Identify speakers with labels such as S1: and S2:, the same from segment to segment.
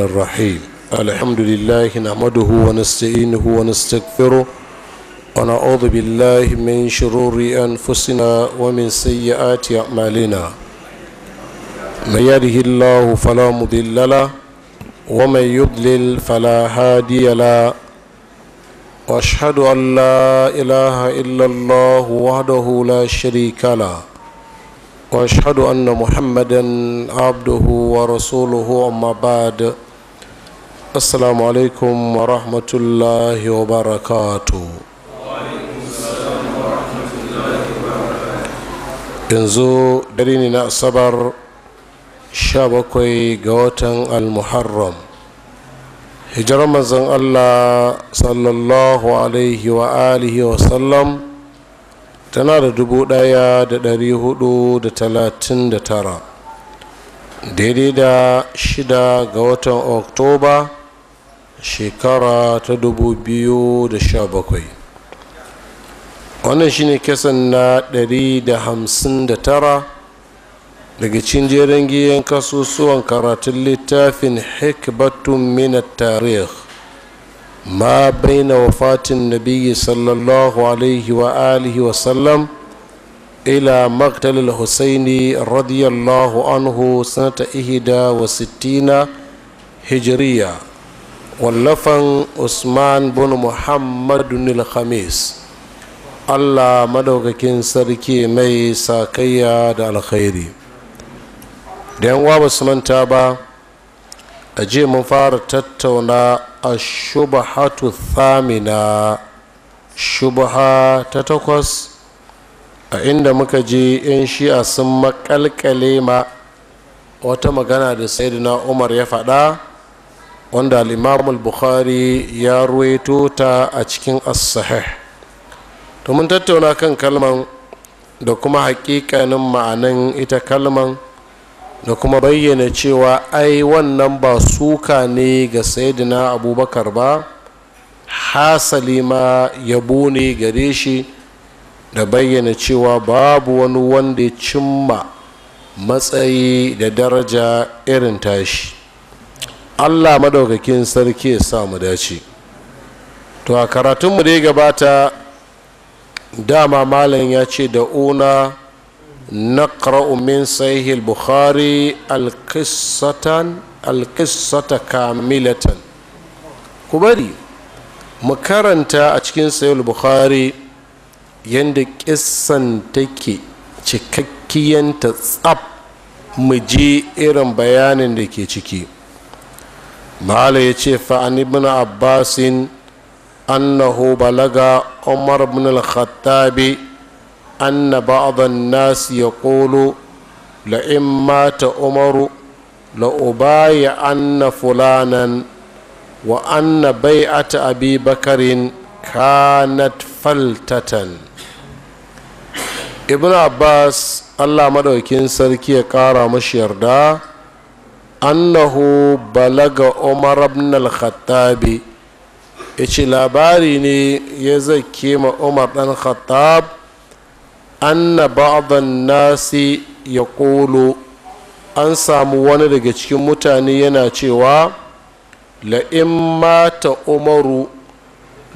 S1: الرحيم الحمد لله نحمده ونستعينه ونستغفره ونعوذ بالله من شرور أنفسنا ومن سيئات أعمالنا من يهده الله فلا مضل له ومن يضلل فلا هادي له واشهد أن لا إله إلا الله وحده لا شريك له واشهد أن محمدا عبده ورسوله أما بعد السلام عليكم ورحمة الله وبركاته yanzu dare ne na asabar 17 ga watan al-muharram hijirar manzon allah sallallahu alaihi wa alihi wa sallam tana da dubu ɗaya da dari hudu da talatin da tara daidai da shida ga watan oktoba shekara ta da 2017 wannan shine kasan na da hamsin 159 daga cinjeren giyan kasusuwan karatun littafin hikbatun minat tarih ma baina wafatin biyu sallallahu alaihi wa alihi wa sallam ila maktalil husaini radiyallahu anhu sanata ihida wa sittina hijiriya wallafan usman bin muhammadun al-khamis allah madaukakin sarki mai sakayya da alkhairi da yan wa su manta ba a je mun fara tattauna a shubahatu thamina shubaha ta takwas a inda muka je yan shi'a sun makalkale ma wata magana da sayyidina umar ya faɗa wanda al bukhari ya ruwaito ta a cikin as-sahih to mun tattauna kan kalman da kuma haƙiƙanin ma'anan ita kalman da kuma bayyana cewa ai wannan ba suka ne ga sayidina abubakar ba hasali ma yabo ne gare shi da bayyana cewa babu wani wanda ya cimma matsayi da daraja irin tashi allah madaukakin sarki ya sa mu dace to a karatunmu da gabata dama malam ya ce da una na min sahih bukhari alkissata kamilatan ku bari mu karanta a cikin sahih bukhari yadda kissan take cikakkiyanta tsab mu ji irin bayanin da ke ciki mala ya ce fa'an ibn abbasin annahu balaga umar ibn al-khattabi anna ba'dhan nas yaqulu la in mata umaru la ubaya anna fulanan wa anna bai'ata abi bakarin kanat faltatan ibn abbas allah madaukin sarki ya kara mashi yarda annahu balaga umar ibn al-khattabi yace labari ne ya zake ma umar dan khattab anna ba'dan nasi yaqulu an samu wani daga cikin mutane yana cewa la'in ta umaru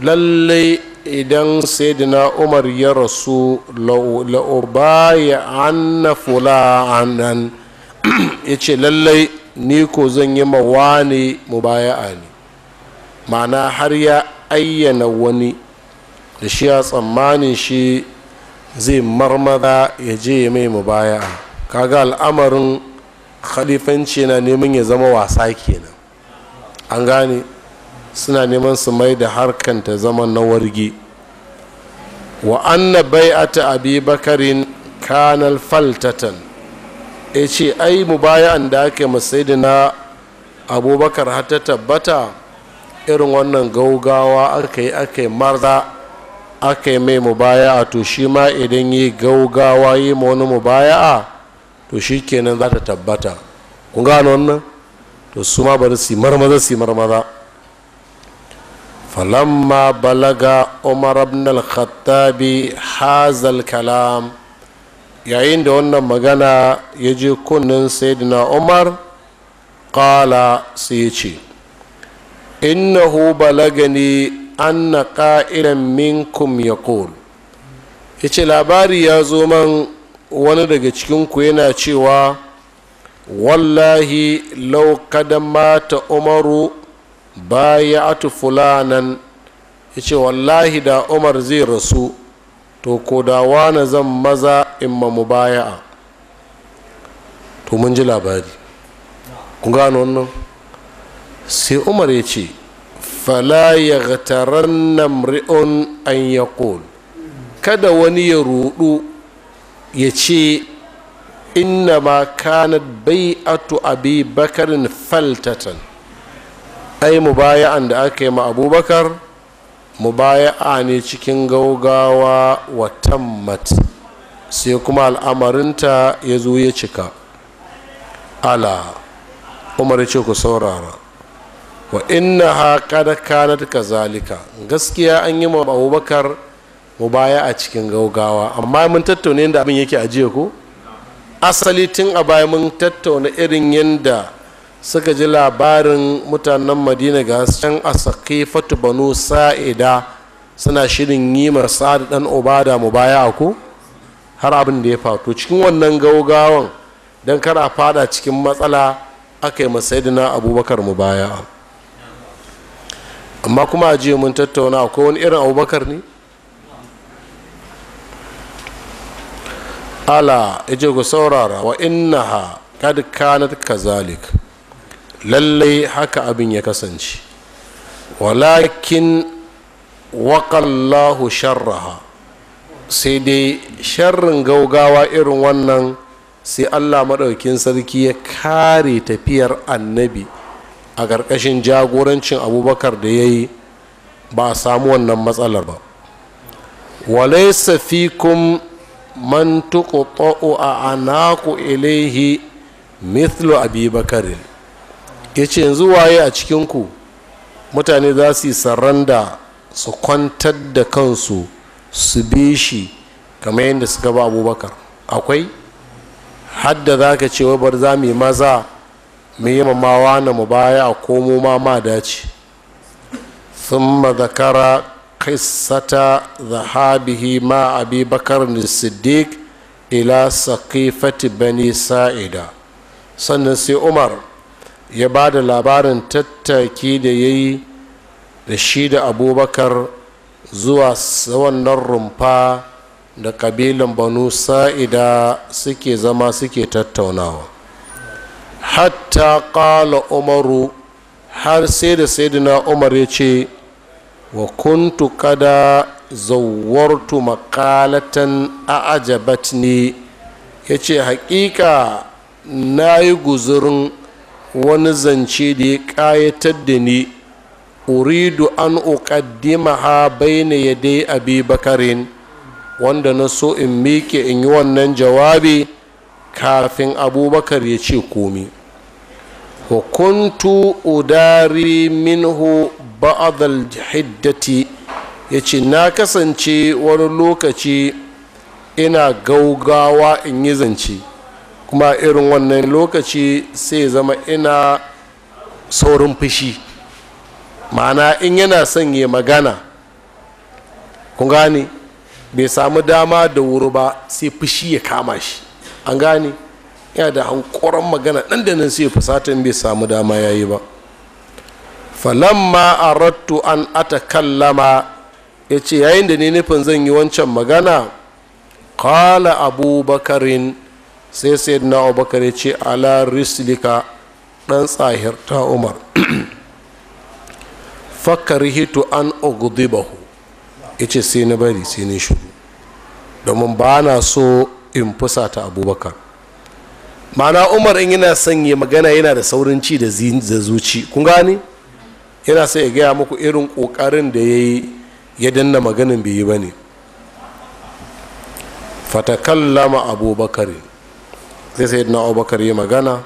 S1: lallai idan sayyidina umar ya rasu la'ubaya anna fula'anan ya ce lallai ni ko zan yi ma wane mubaya'a ne ma'ana har ya ayyana wani da shi ya tsammanin shi zai marmara ya je mai mubaya'a kaga al'amarin khalifanci na neman ya zama wasa kenan an gane suna neman su mai da harkan ta zama na warge wa anna bai'ata abi bakarin kanal faltatan ya ce ai mu bayan da ake na abubakar har ta tabbata irin wannan gaugawa aka yi aka yi marza aka yi mai a to shi ma idan yi gaugawa yi ma wani a to shi kenan za ta tabbata ku gano wannan to su ma bari su marmaza su marmaza falamma balaga umar ibn al-khattabi hazal kalam yayin da wannan magana ya je kunnen sayyidina umar kala sai ce innahu balagani anna ƙa'iran minkum ya ya ce labari ya zo man wani daga cikinku yana cewa wallahi lau da mata umaru baya fulanan ya ce wallahi da umar zai rasu to ko da wani zan maza in ma mubaya'a to mun ji labari kun gano wannan sai umar ya ce fala ya gataranna mri'un an yaqul kada wani ya rudu ya ce inna ma kanat bai'atu abi bakarin faltatan ai mu mubaya'an da aka yi ma abubakar mubaya'a ne cikin gaugawa wa tammat sai kuma al'amarinta ya zo ya cika ala umar ce ku saurara wa inna ha kada kanat kazalika gaskiya an yi ma abubakar a cikin gaugawa amma mun tattauna yadda abin yake ajiye ko asali tun a baya mun tattauna irin yadda suka ji labarin mutanen madina ga can a sakifatu banu sa'ida suna shirin yi sada da ɗan obada mu baya ko har abin da ya fato cikin wannan gaugawan don kara fada cikin matsala aka yi masaidina abubakar mu baya amma kuma a mun tattauna akwai wani irin abubakar ne ala ije ku saurara wa innaha kad kanat kazalik lallai haka abin ya kasance walakin waƙallahu sharraha sai dai sharrin gaugawa irin wannan sai allah maɗaukin sarki ya kare tafiyar annabi a ƙarƙashin jagorancin abubakar da ya yi ba a samu wannan matsalar ba walaisa fikum mantuƙo ƙo'o a anaku ilaihi mithlu abubakarin ya ce yanzu waye a cikinku mutane za su yi saranda su kwantar da kansu su bi shi kamar yadda suka ba abubakar akwai hadda za ka ce wabar za mu yi maza mu yi mamawa na mu baya a komo ma ma dace sun zakara da zahabihi ma abi bakar siddiq ila saqifati bani sa'ida sannan sai umar ya ba da labarin tattaki da ya yi da shi da abubakar zuwa wannan rumfa da ƙabilan banu sa'ida suke zama suke tattaunawa hatta ƙala umaru har sai da saidina umar ya ce wa kuntu kada zawartu makalatan ne ya ce hakika na yi guzurin wani zance da ya ƙayatar da ni uridu an uqaddimaha bayna dai abi bakarin wanda na so in miƙe in yi wannan jawabi kafin abubakar ya ce komi hukuntu udari minhu ba'adal hiddati ya ce na kasance wani lokaci ina gaugawa in yi zance kuma irin wannan lokaci sai zama ina saurin fushi ma'ana in yana son ya magana ku gane bai samu dama da wuri ba sai fushi ya kama shi an gane yana da hankoron magana ɗan da nan sai fusatun bai samu dama ya yi ba falamma arattu an ata atakallama ya ce yayin da ni nufin zan yi wancan magana kala abubakarin sai sai na abubakar ya ce ala rislika ɗan tsahir ta umar fakar hito an ogudibahu ya ce sai na bari sai na shi domin ba na so in fusata abubakar mana umar in yana sanya magana yana da saurin ci da zuci kun gane yana sai ya gaya muku irin kokarin da ya yi ya danna maganin bai yi ba ne fatakallama abubakar sai sayyidina abubakar yi magana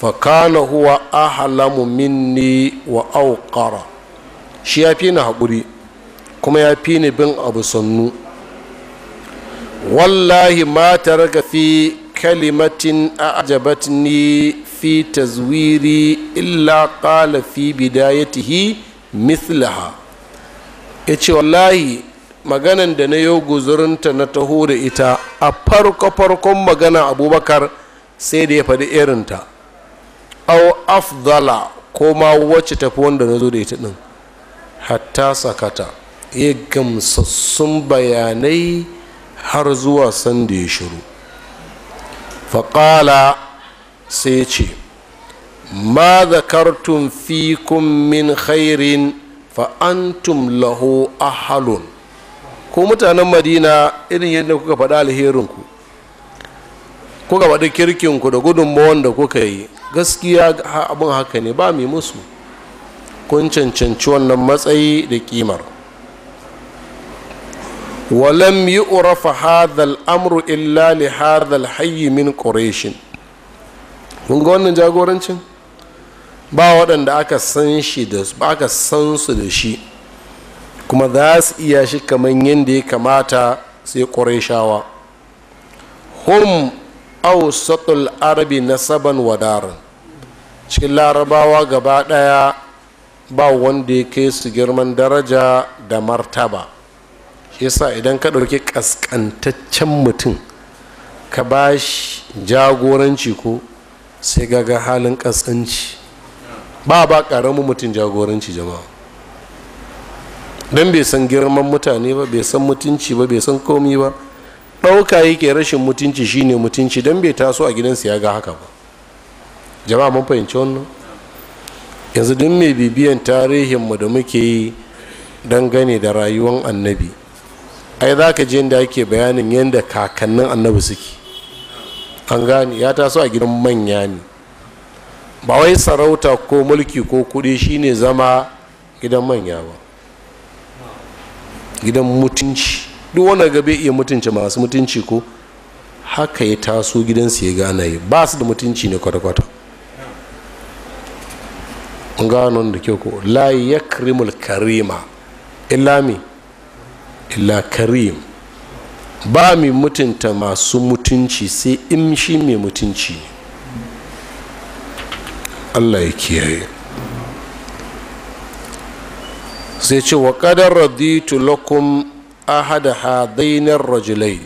S1: fakana huwa ahalamu minni wa auƙara. shi ya fi ni haƙuri kuma ya fi ni bin abu sannu wallahi ma raga fi kalimatin ni fi tazwiri illa ƙala fi bidayatihi mithlaha ce wallahi maganan da na yau guzurinta na taho da ita a farko-farkon magana abubakar sai da ya faɗi irinta au afdala ko ma wacce tafi wanda na zo da ita ɗin hatta sakata ya gamsassun bayanai har zuwa sanda ya shiru faƙala sai ce ma zakartun fikun min khairin fa'antum lahu ahalun ko mutanen madina irin yadda kuka faɗa alherinku kuka faɗi kirkinku da gudunmawan da kuka yi gaskiya abin haka ne ba mai musu kun cancanci wannan matsayi da kimar walam yi urafa hadal amru illa li hadal hayyi min quraishin kun ga wannan jagorancin ba waɗanda aka san shi aka san su da shi kuma za su iya shi kamar yadda ya kamata sai ƙurashawa hum awsatul arabi nasaban wadarin cikin larabawa gaba ɗaya ba wanda ya kai su girman daraja da martaba yasa idan ka ɗauki ƙasƙantaccen mutum ka ba shi jagoranci ko sai gaga halin ƙasƙanci ba ba ƙaramin mutum jagoranci jama'a don bai san girman mutane ba bai san mutunci ba bai san komi ba ɗauka yake rashin mutunci shine mutunci don bai taso a gidansa ya ga haka ba jama'a mun fahimci wannan yanzu duk mai bibiyan tarihinmu da muke yi dangane da rayuwan annabi ai za ka je da ake bayanin yadda kakannin annabi suke an gane ya taso a gidan manya ne ba wai sarauta ko mulki ko kuɗi shine zama gidan manya ba gidan mutunci duk wanda gabe iya mutunci masu mutunci ko haka ya taso gidansu ya gane yi ba su da mutunci ne kwata-kwata gano da kyau ko Layi ya karimul karima illa mi illa karim ba mi mutunta masu mutunci sai in shi mai mutunci Allah ya kiyaye sai ce wa ƙadar raditu lakum ahada hadainar rajulai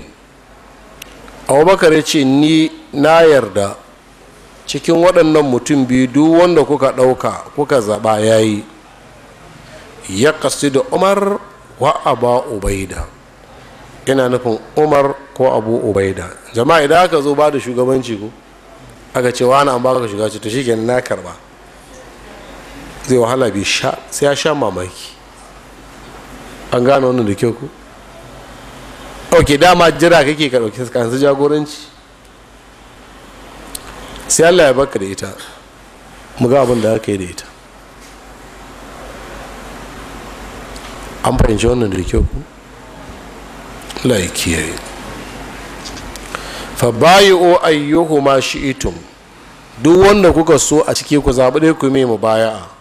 S1: abubakar ya ce ni na yarda cikin waɗannan mutum biyu duk wanda kuka ɗauka kuka zaɓa ya yi ya kasu da umar wa aba ubaida ina nufin umar ko abu ubaida jama'a idan aka zo ba da shugabanci ko aka ce wani an baka shiga ce to shi na karba zai wahala bi sha sai ya sha mamaki an gane wannan da kyau ku ok dama jira kake ka ɗauki kansu jagoranci sai allah ya baka da ita mu ga abin da aka yi da ita an fahimci wannan da kyau ku allah ya kiyaye fa bayi o ayyuhu ma shi'itum duk wanda kuka so a ciki ku zaɓi ɗaya ku yi mai mubaya'a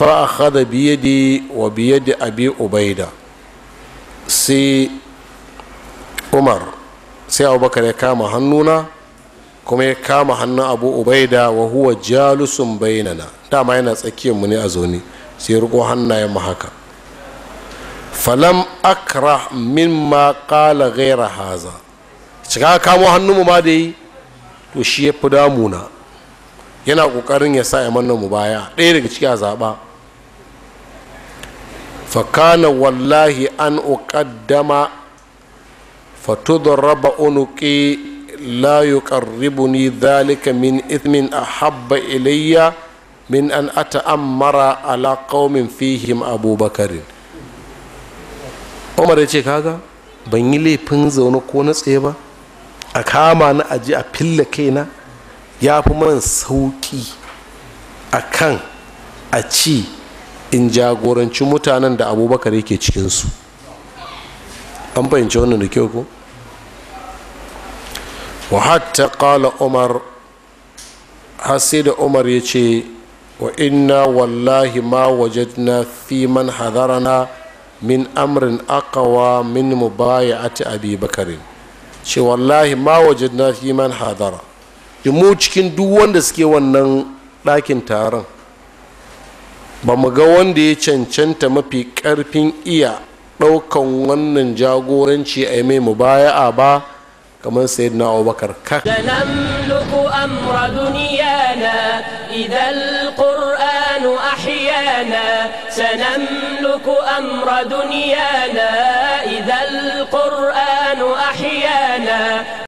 S1: fa'akhadha bi yadi wa bi yadi abi ubaida sai umar sai abubakar ya kama hannuna kuma ya kama hannun abu ubaida wa huwa jalusun bainana dama yana tsakiyar mu ne a zaune sai riko hannayen mu haka falam min ma qala gaira haza shiga kamo hannun mu ma da yi to shi ya fi damuna yana kokarin ya sa ya manna mu baya ɗaya daga ciki a zaɓa fakana wallahi an uqaddama فتضرب عنقي لا يقربني ذلك من إثم أحب إلي من أن أتأمر على قوم فيهم أبو بكر Umar ya ce kaga ban yi laifin zaune ko na tsaye ba a kama na aji a filla na ya fi man sauƙi a kan a ci in jagoranci mutanen da abubakar yake cikinsu an fahimci wannan da kyau ko wa hatta kala umar har sai da umar ya ce wa inna wallahi ma wajadna fi man hadarana min amrin akawa min mu ta abi bakarin ce wallahi ma wajadna fi man hadara mu cikin duk wanda suke wannan ɗakin taron ba mu ga wanda ya cancanta mafi ƙarfin iya ɗaukan wannan jagoranci a mai mu baya a ba kamar sayid na abubakar kak سنملك أمر دنيانا إذا القرآن أحيانا